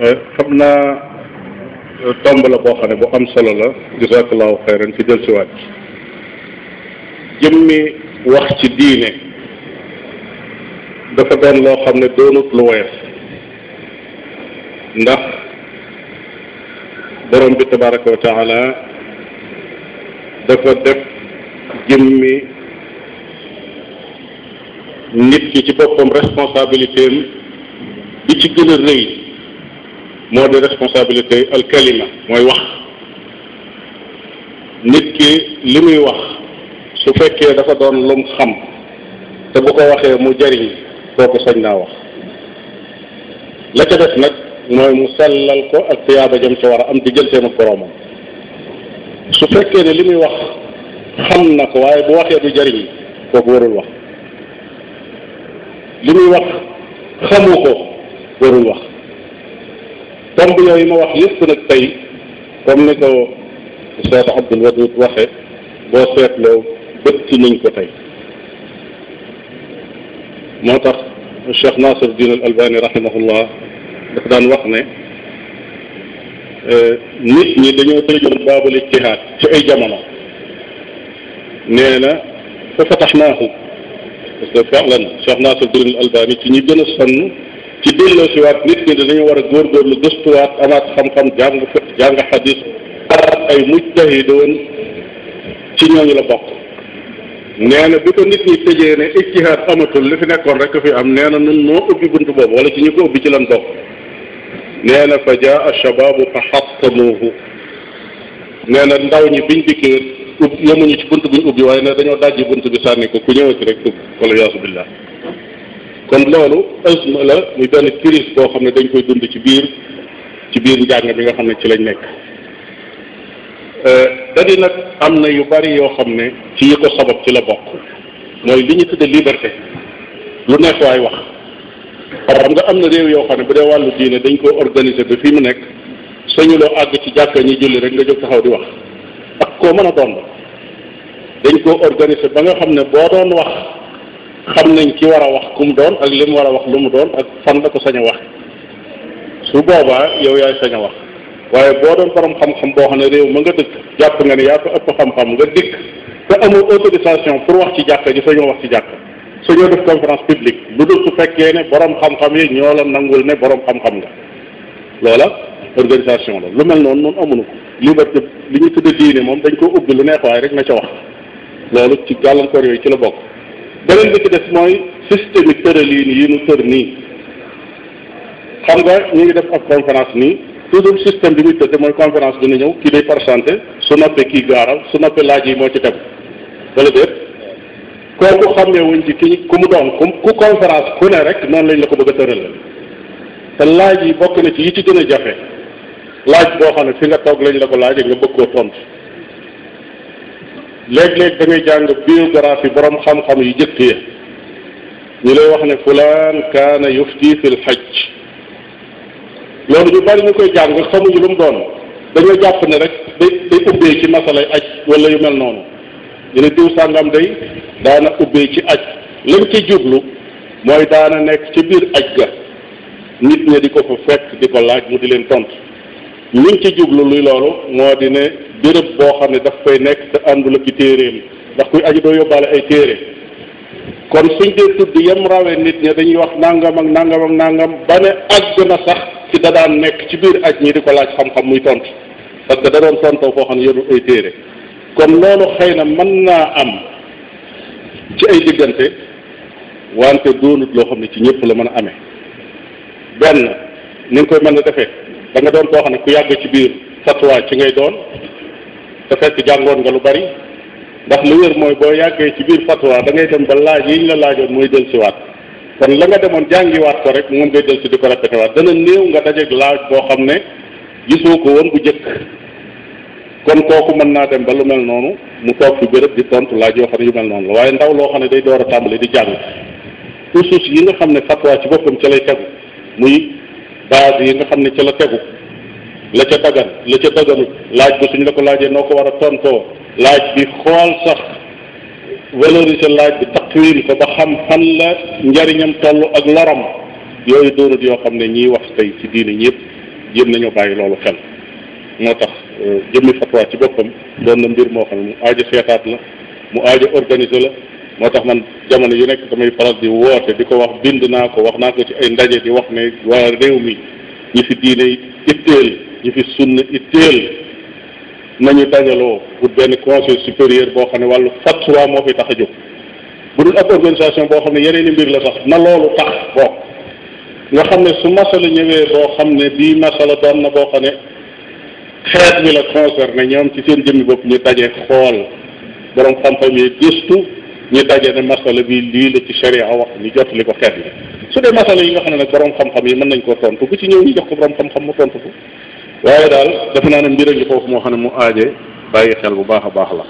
Euh, xam naa euh, tomb la boo xam ne bu am solo la jazakallahu xayran ci jël siwaat jëmmi wax ci diine dafa doon loo xam ne doonut lu woyof ndax borom bi tabaraka wa taala dafa def jëmmi nit ki ci boppam responsabilité am bi ci gën a rëy moo di responsabilité al kalima mooy wax nit ki li muy wax su fekkee dafa doon lum xam te bu ko waxee mu jariñ kooku sañ naa wax la ca def nag mooy mu sellal ko ak tiyaaba jëm ca war a am di jël seen boroomam su fekkee ne li muy wax xam na ko waaye bu waxee du jariñ kooku warul wax li muy wax xamu ko warul wax tomb yooyu ma wax yëpp nag tey comme ni ko Cheikh Abdul Wadud waxe boo seetloo bëtti nañ ko tey moo tax Cheikh Nasiruddin al Albani rahimahullah daf daan wax ne e, nit ñi dañoo tëjoon baabul ijtihaad ci ay jamono nee na fa fatahnaahu parce que fa'lan Cheikh Nasiruddin al Albani ci ñi gën a sonn ci delloosiwaat nit ñi dañu war a góorgóorlu gëstuwaat amaat xam-xam jàng fiq jàng xadis ay mujtahid woon ci ñooñu la bokk nee na bi ko nit ñi tëjee ne ijtihaad amatul li fi nekkoon rek fi am nee na nun noo ubbi bunt boobu wala ci ñu ko ubbi ci lan bokk nee na fa jaa ash-shabaabu fa xattamuuhu nee na ndaw ñi biñ dikkee ub yemuñu ci bunt buñ ubbi waaye ne dañoo dajji bunt bi sànni ko ku ñëwati rek dugg wala yaasu billah kon loolu asma la muy benn crise boo xam ne dañ koy dund ci biir ci biir njàng bi nga xam ne ci lañ nekk euh, dadi nag am na yu bari yoo xam ne ci yi ko sabab ci la bokk mooy li ñu tudde liberté lu neex waay wax xam nga am na réew yoo xam ne bu dee wàllu diine dañ ko organiser ba fii mu nekk sañuloo àgg ci jàkka ñi julli rek nga jóg taxaw di wax ak koo mën a doon dañ ko organiser ba nga xam ne boo doon wax xam nañ ci war a wax ku mu doon ak li mu war a wax lu mu doon ak fan la ko sañ a wax su boobaa yow yaay sañ wax waaye boo doon borom xam-xam boo xam ne réew ma nga dëkk jàpp nga ne yaa ko ëpp xam-xam nga dikk te amul autorisation pour wax ci jàkka ji sañoo wax ci jàkka sañoo def conférence publique lu dul su fekkee ne borom xam-xam yi ñoo la nangul ne borom xam-xam nga loola organisation la lu mel noonu noonu amuñu ko liberté li ñu tudde diine moom dañ koo ubbi lu neex waaye rek na ca wax ci gàllankoor yooyu ci la bokk. beneen bi ci def mooy système yi tëraliin yi mu tër nii xam nga ñu ngi def ak conférence nii toujours système bi muy tëdd mooy conférence bi na ñëw kii day parcenté su noppee kii gaaral su noppee laaj yi moo ci dem wala déet kooku xamee wuñ ci kii ku mu doon ku conférence ku ne rek noonu lañ la ko bëgg a tëral te laaj yi bokk na ci yi ci gën jafe laaj boo xam ne fi nga toog lañ la ko laaj nga bëgg koo tontu. léeg-léeg da ngay jàng biographie borom xam-xam yu jëkk ya ñu lay wax ne fulaan kaana yufti fil hajj loolu ñu bari ñu koy jàng xamuñu lu mu doon dañoo jàpp ne rek day day ubbee ci masalay aj wala yu mel noonu ñu ne diw sàngam day daana ubbee ci aj lañ ci jublu mooy daana nekk ci biir aj ga nit ñi di ko fa fekk di ko laaj mu di leen tontu liñ ci jublu luy loolu moo di ne béréb boo xam ne daf koy nekk te àndul ak i téeréem ndax kuy aji doo yóbbaale ay téere kon suñ dee tudd yem rawee nit ñi dañuy wax nangam ak nangam ak nangam ba ne àgg na sax ci da daan nekk ci biir aj ñi di ko laaj xam-xam muy tontu parce que da doon tontoo foo xam ne yorul ay téere kon loolu xëy na mën naa am ci ay diggante wante doonut loo xam ne ci ñëpp la mën a amee benn ni nga koy mën a defee da nga doon koo xam ne ku yàgg ci biir fatwa ci ngay doon te fekk jàngoon nga lu bari ndax lu wér mooy boo yàggee ci biir fatwa da ngay dem ba laaj yi ñu la laajoon mooy del siwaat kon la nga demoon jàngiwaat ko rek mu ngay del si di ko répété waat dana néew nga dajeeg laaj boo xam ne gisoo ko woon bu jëkk kon kooku mën naa dem ba lu mel noonu mu toog fi béréb di tontu laaj yoo xam ne yu mel noonu la waaye ndaw loo xam ne day door a tàmbali di jàng usus yi nga xam ne fatwa ci boppam ca lay tegu muy base yi nga xam ne ca la tegu la ca dagan la ca daganu laaj bi suñ la ko laajee noo ko war a tontoo laaj bi xool sax valoriser laaj bi taqwiin ko ba xam fan la njariñam toll ak loram yooyu doonut yoo xam ne ñiy wax tey ci diine yëpp jéem nañoo bàyyi loolu xel moo tax euh, jëmmi fatwa ci boppam doon mbir moo xam ne mu seetaat la mu aajo la moo tax man jamono yu nekk damay faral di woote di ko wax bind naa ko wax naa ko ci ay ndaje di wax ne waa réew mi ñi fi diine itteel yi fi it itteel nañu dajaloo pour benn conseil supérieur boo xam ne wàllu fatwa moo fi tax a jóg bu dul ab organisation boo xam ne yeneen i mbir la sax na loolu tax bokk nga xam ne su masala ñëwee boo xam ne bii masala doon na boo xam ne xeet bi la concerné ñoom ci seen jëmmi bopp ñu daje xool borom xam-xam yi gëstu ñu daje ne masala bi lii la ci sharia wax ñu jottali ko xeet bi su dee masala yi nga xam ne nag borom xam-xam yi mën na koo tontu bu ci ñëw ñu jox ko borom xam-xam mu tontu ko waaye daal defe naa ne mbir a ngi foofu moo xam ne mu aaje bàyyi xel bu baax a baax la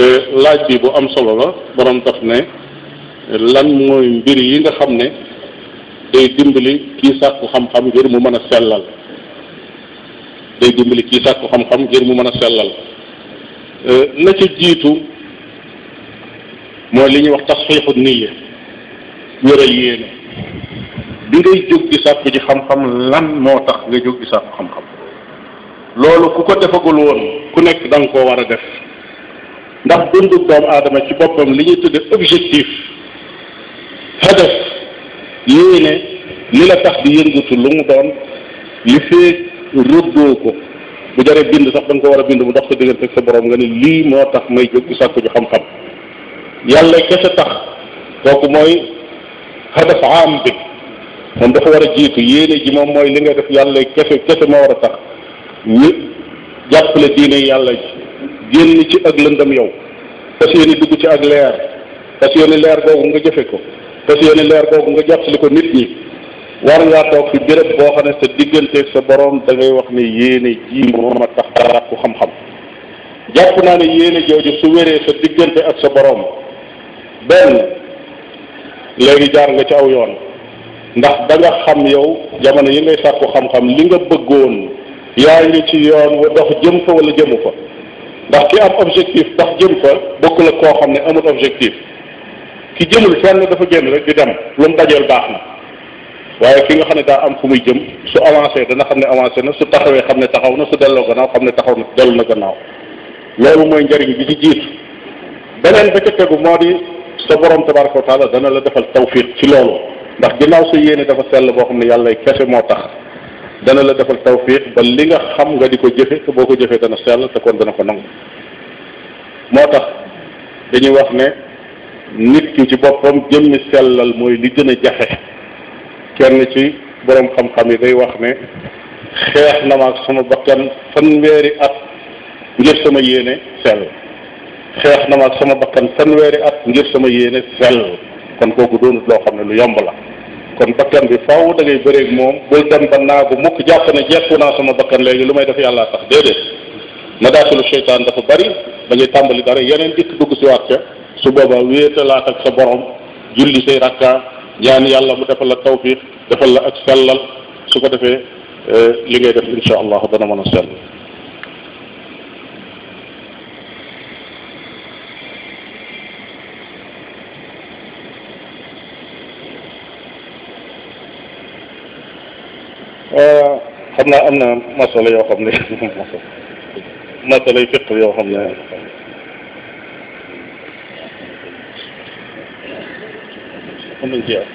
eh, laaj bi bu am solo la borom daf ne lan mooy mbir yi nga xam ne day dimbali kii sàkku xam-xam ngir mu mën a sellal day dimbali kii sàkku xam-xam ngir mën a sellal na eh, jiitu mooy li ñuy wax tasxiixu niyya wéral yéene bi ngay jóg di sàkku ji xam-xam lan moo tax nga jóg di sàkku xam-xam loolu ku ko defagul woon ku nekk danga koo war a def ndax dundu doomu aadama ci boppam li ñu tudde objectif hadaf yéene li la tax di yëngatu lu mu doon li fee rëddoo ko bu jaree bind sax da nga ko war a bind bu dox sa diggante ak sa borom nga ni lii moo tax may jóg di sàkku ju xam-xam yàlla kese tax kooku mooy hadaf am bi moom dafa war a jiitu yéene ji moom mooy li nga def yàlla kese kese moo war a tax ñi jàppale diine yàlla génn ci ak lëndam yow fas yéene dugg ci ak leer fas yéene leer googu nga jëfe ko fas yéene leer googu nga jàpp jàppale ko nit ñi war ngaa toog fi béréb boo xam ne sa digganteeg sa boroom dangay ngay wax ne yéene ji moom a tax dara ku xam-xam jàpp naa ne yéene jooju su wéree sa diggante ak sa boroom benn léegi jaar nga ci aw yoon ndax da xam yow jamono yi ngay sàkku xam-xam li nga bëggoon yaa ngi ci yoon wa dox jëm fa wala jëmu fa ndax ki am objectif dox jëm fa bokkul ak koo xam ne amul objectif ki jëmul fenn dafa génn rek di dem lu mu dajeel baax na waaye ki nga xam ne daa am fu muy jëm su avancé dana xam ne avancé na su taxawee xam ne taxaw na su delloo gannaaw xam ne taxaw na dellu na gannaaw loolu mooy njëriñ bi ci jiit beneen ba ca tegu moo di sa borom tabaraka wa taala dana la defal tawfiq ci loolu ndax ginnaaw sa yéene dafa sell boo xam ne yàlla kese moo tax dana la defal tawfiq ba li nga xam nga di ko jëfe te boo ko jëfee dana sell te kon dana ko nangu moo tax dañuy wax ne nit ki ci boppam jëmmi sellal mooy li gën a jafe kenn ci boroom xam-xam yi day wax ne xeex na ma ak sama bakkan fanweeri at ngir sama yéene sell xeex na ma ak sama bakkan fanweeri at ngir sama yéene sell kon kooku doonut loo xam ne lu yomb la kon bakkan bi faaw da ngay bëreeg moom bul dem ba ko mukk jàpp ne jekku naa sama bakkan léegi lu may def yàllaa tax déedéet madaatulu seytaan dafa bari dangay tàmbali bari yeneen dikk dugg si waat ca su boobaa wéetalaat ak sa borom julli say rakka ñaan yàlla mu defal la tawfiq defal la ak sellal su ko defee eh, li ngay def incha allah dana mën a sell Eh, xam naa am na masala yoo ne masala yu fiq yoo xam ne am nañ ci ak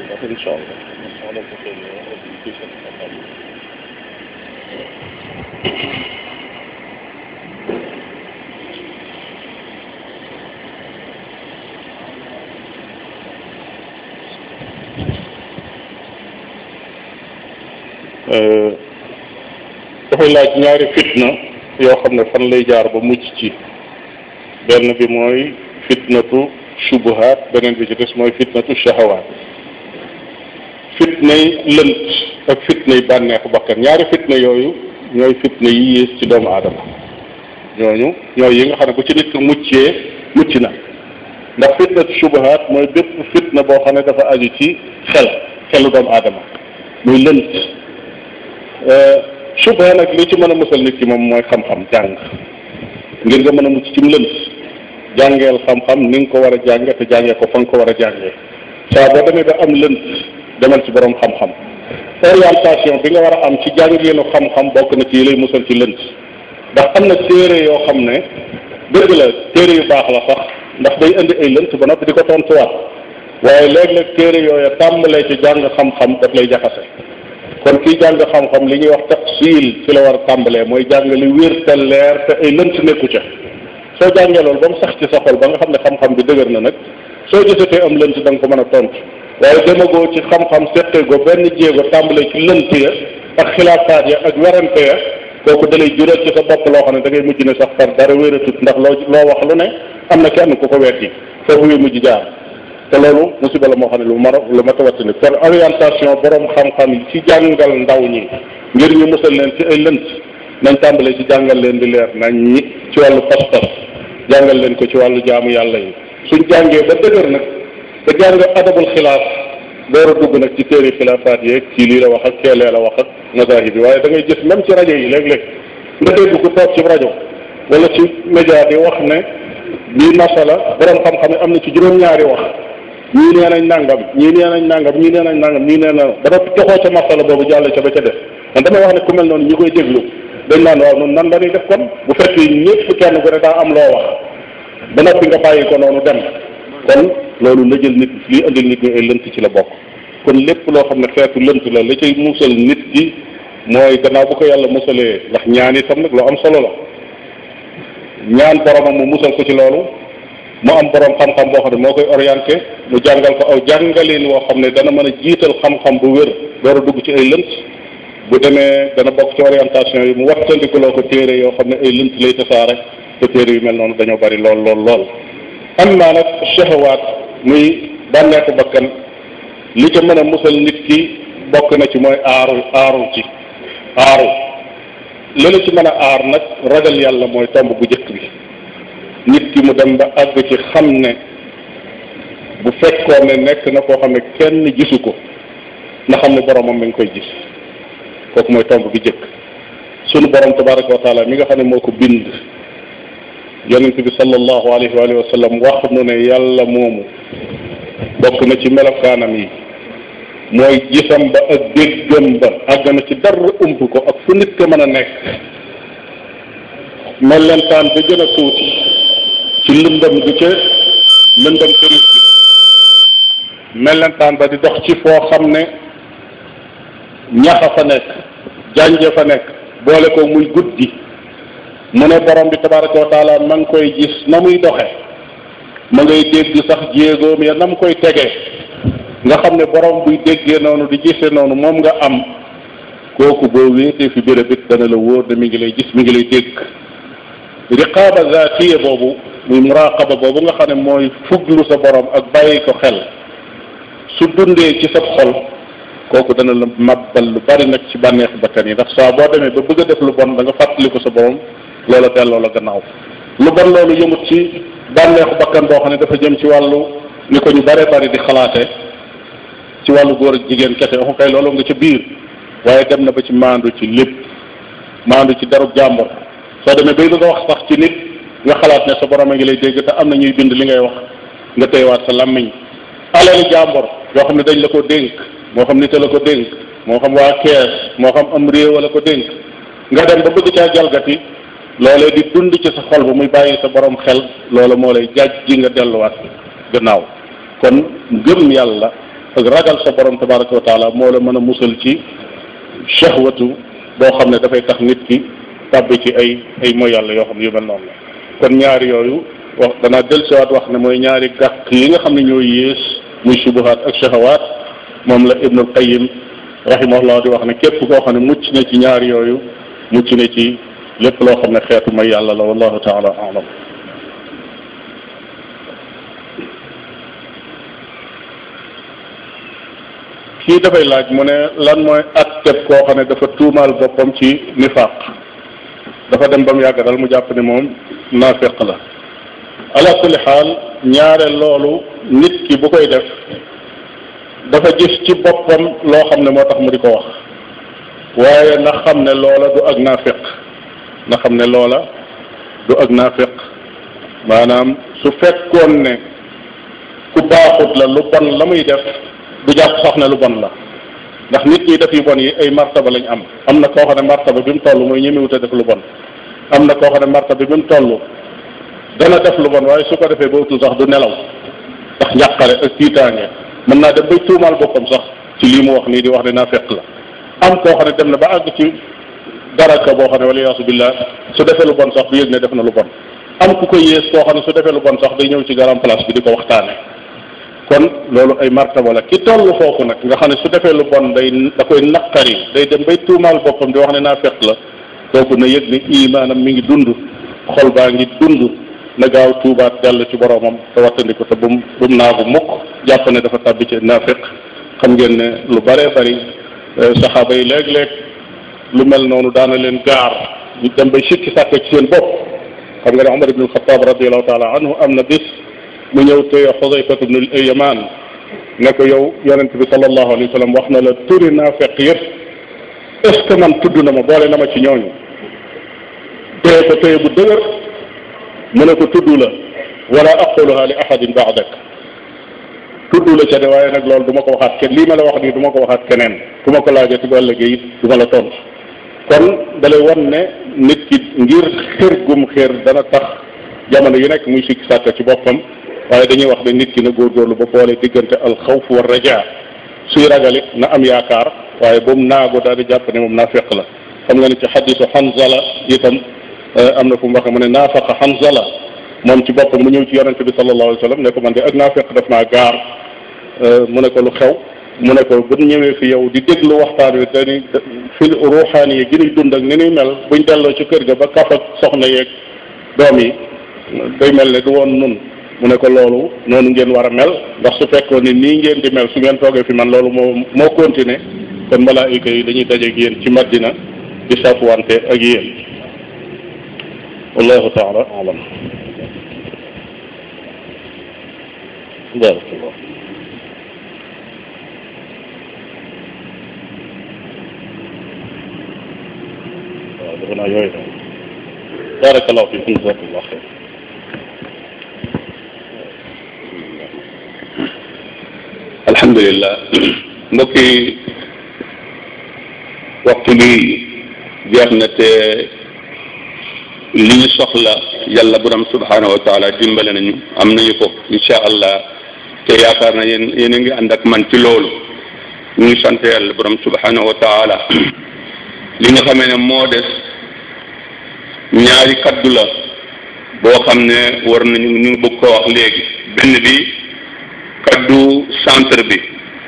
koy laaj ñaari fitna yoo xam ne fan lay jaar ba mucc ci benn bi mooy fitnatu shubuhaat beneen bi ci des mooy fitnatu shahawaat fitnay lënt ak fitnay bànneexu bakkan ñaari fitna yooyu ñooy fitna yi yées ci doomu aadama ñooñu ñooy yi nga xam ne bu ci nit ko muccee mucc na ndax fitnatu shubuhaat mooy bépp fitna boo xam ne dafa aju ci xel xelu doomu aadama muy lënt euh, suba nag li ci mën a musal nit ki moom mooy xam-xam jàng ngir nga mën a mucc ci mu lënt jàngeel xam-xam ni nga ko war a jàng te jàngee ko fa nga ko war a jànge saa boo demee ba am lënt demal ci borom xam-xam orientation bi nga war a am ci jàngeenu xam-xam bokk na ci yi lay ci lënt ndax am na téere yoo xam ne dëgg la téere yu baax la sax ndax day indi ay lënt ba noppi di ko tontuwaat waaye léeg-léeg téere yooya tàmbalee ci jàng xam-xam daf lay jaxase kon kiy jàng xam-xam li ñuy wax tafsil fi la war a tàmbalee mooy jàng li wér te leer te ay lënt nekku ca soo jàngee loolu ba mu sax ci sa ba nga xam ne xam-xam bi dëgër na nag soo jësatee am lënt da nga ko mën a tontu waaye demagoo ci xam-xam setteegoo benn jéego tàmbalee ci lënt ya ak xilaafaat ya ak werante ya kooku dalay jural ci sa bopp loo xam ne da ngay mujj ne sax far dara wératut ndax loo loo wax lu ne am na kenn ku ko weddi foofu mujj jaar te loolu musiba la moo xam ne lu ma lu mat a wattandi kon orientation borom xam-xam yi ci jàngal ndaw ñi ngir ñu musal leen ci ay lënt nañ tàmbalee ci jàngal leen di leer nañ ñi ci wàllu pas-pas jàngal leen ko ci wàllu jaamu yàlla yi suñ jàngee ba dëgër nag ba jàng adabul xilaaf door a dugg nag ci téere xilaafaat yeeg ci lii la wax ak keelee la wax ak mazahib yi waaye da ngay gis même ci rajo yi léeg-léeg nga dégg ku toog ci rajo wala ci média bi wax ne bii masala borom xam-xam yi am na ci juróom-ñaari wax ñii nee nañ nangam ñii nee nañ nangam ñii nee nañ nangam ñii nee nañ ba def joxoo ca masala boobu jàll ca ba ca def man damay wax ne ku mel noonu ñi koy déglu dañ naan waaw noonu nan la ñuy def kon bu fekkee ñëpp kenn ku ne daa am loo wax ba noppi nga bàyyi ko noonu dem kon loolu la jël nit lii andil nit ñi ay lënt ci la bokk kon lépp loo xam ne xeetu lënt la la cay musal nit gi mooy gannaaw bu ko yàlla musalee ndax ñaan itam nag lu am solo la ñaan boromam mu musal ko ci loolu mu am borom xam-xam boo xam ne moo koy orienté mu jàngal ko aw jàngaleen woo xam ne dana mën a jiital xam-xam bu wér door a dugg ci ay lënt bu demee dana bokk ci orientation yi mu wattandikuloo ko téere yoo xam ne ay lënt lay tasaare te téere yu mel noonu dañoo bari lool lool lool am naa nag shahawaat muy bànneexu bakkan li ca mën a musal nit ki bokk na ci mooy aaru aaru ci la ci mën a aar nag ragal yàlla mooy tomb bu jëkk bi nit ki mu dem ba àgg ci xam ne bu fekkoon ne nekk na koo xam ne kenn gisu ko na xam ne boromam mi ngi koy gis kooku mooy tomb bi jëkk sunu borom tabaraka wa taala mi nga xam ne moo ko bind yonent bi sallallahu alayhi wa sallam wax nu ne yàlla moomu bokk na ci melokaanam yi mooy gisam ba ak déggam ba àgg ci dara ump ko ak fu nit ko mën a nekk mellentaan ba gën a tuuti ci lëndëm gi ca lëndëm këris bi mellentaan ba di dox ci foo xam ne ñaxa fa nekk jànje fa nekk boole ko muy guddi mu ne borom bi tabaraka wa ma ngi koy gis na muy doxe ma ngay dégg sax jéegoom ya na mu koy tegee nga xam ne borom buy déggee noonu di gisee noonu moom nga am kooku boo wéetee fi béréb dana la wóor ne mi ngi lay gis mi ngi lay dégg riqaaba zaatiya boobu muy muraqaba boobu nga xam ne mooy fuglu sa boroom ak bàyyi ko xel su dundee ci sa xol kooku dana la màbbal lu bari nag ci bànneexu bakkan yi ndax saa boo demee ba bëgg a def lu fàttali ko sa borom loola la gannaaw lu bon loolu yëmut ci bànneexu bakkan boo xam ne dafa jëm ci wàllu ni ko ñu bare bari di xalaate ci wàllu góor jigéen kese waxu kay loolu nga ca biir waaye dem na ba ci maandu ci lépp ci darub jàmbur soo demee bay bëgg wax sax ci nit nga xalaat ne sa borom a ngi lay dégg te am na ñuy bind li ngay wax nga waat sa làmmiñ alali jàmbor yoo xam ne dañ la ko dénk moo xam nite la ko dénk moo xam waa kees moo xam am réew la ko dénk nga dem ba bëgg caa jalgati loolee di dund ci sa xol ba muy bàyyi sa borom xel loola moo lay jaaj ji nga delluwaat gannaaw kon gëm yàlla ak ragal sa borom tabaraka wa taala moo la mën a musal ci shahwatu boo xam ne dafay tax nit ki tàbbi ci ay ay mooy yoo xam ne yu mel kon ñaari yooyu wax danaa del siwaat wax ne mooy ñaari gàq yi nga xam ne ñoo yées muy subuhaat ak shahawaat moom la ibnul qayim rahimahullah di wax ne képp koo xam ne mucc na ci ñaari yooyu mucc na ci lépp loo xam ne xeetu yàlla la wallahu taala alam kii dafay laaj mu ne lan mooy at képp koo xam ne dafa tuumaal boppam ci nifaaq dafa dem ba mu yàgg dal mu jàpp ne moom naafeq la ala kulli xaal ñaare loolu nit ki bu koy def dafa gis ci boppam loo xam ne moo tax mu di ko wax waaye na xam ne loola du ak naafeq na xam ne loola du ak naafeq maanaam su fekkoon ne ku baaxut la lu bon la muy def du jàpp sax ne lu bon la ndax nit ñi def yu bon yi ay martaba lañ am am na koo xam ne martaba bi mu toll mooy ñemewut a def lu bon am na koo xam ne marta bi mu toll dana def lu bon waaye su ko defee bootul sax du nelaw ndax njàqare ak tiitaange mën naa dem bay tuumaal boppam sax ci lii mu wax nii di wax ne naa fekk la am koo xam ne dem na ba àgg ci daraka boo xam ne wala yaasu billah su defee lu bon sax du yëg ne def na lu bon am ku ko yées koo xam ne su defee lu bon sax day ñëw ci grand place bi di ko waxtaane kon loolu ay martaba la ki toll foofu nag nga xam ne su defee lu bon day da koy naqari day dem bay tuumaal boppam di wax ne naa fekk la kooku na yëg ni imaanam mi ngi dund xol baa ngi dund na gaaw tuubaat dellu ci boroomam te wattandiko te bum bum naagu mukk jàpp ne dafa tàbbi ci naafiq xam ngeen ne lu baree bari eh, saxaaba yi léeg-léeg lu mel noonu daana leen gaar ñu dem bay sikki sàkk ci seen bopp xam nga ne Umar ibn al-Xattaab radiallahu taala am na bis mu ñëw téye Xudayfat ibn al-Yamaan ne ko yow yonent bi sallallahu alayhi wa sallam wax na la turi naafiq yëpp est-ce man tudd na ma boole na ma ci ñooñu téye ko téye bu dëgër mu ne ko tudd la wala aquluha li ahadin baadak tudd la ca de waaye nag loolu du ko waxaat kenn lii ma la wax nii duma ko waxaat keneen ku ma ko laajee ci wàll gi it du ma la tontu kon dalay wan ne nit ki ngir xër gum xër dana tax jamono yu nekk muy sikki sàkk ci boppam waaye dañuy wax ne nit ki na góorgóorlu ba boole diggante alxawf wa raja suy ragalit na am yaakaar waaye ba mu naagu daal di jàpp ne moom naafeq la xam nga ne ci xadisu Hanzala itam euh, am na fu mu waxee mu ne naafaqa Hanzala moom ci boppam mu ñëw ci yonente bi sallallahu alayhi wa sallam ne ko man de ak naafeq daf maa gaar euh, mu ne ko lu xew mu ne ko bu ñëwee fi yow di déglu waxtaan wi dañuy fil ruuxaan gi ñuy dund ak ni mel buñ delloo ci kër ga ba kaf ak soxna yeeg doom yi day mel ne du woon nun mu ne ko loolu noonu ngeen war a mel ndax su fekkoon ni nii ngeen di mel su ngeen toogee fi man loolu moo moo continuer kon malaayika yi dañuy dajeeg yéen ci Madina di saafuwante ak yéen taala alam barakallah waaw defe naa xeer alhamdulilah waxtu bi jeex na li ñu soxla yàlla borom subhaanahu wa taala dimbale nañu am nañu ko incha allah te yaakaar na yéen a ngi ànd ak man ci loolu ñu ngi sant yàlla borom subhaanahu wa li nga xamee ne moo des ñaari kaddu la boo xam ne war nañu ñu bëgg ko wax léegi benn bi kaddu centre bi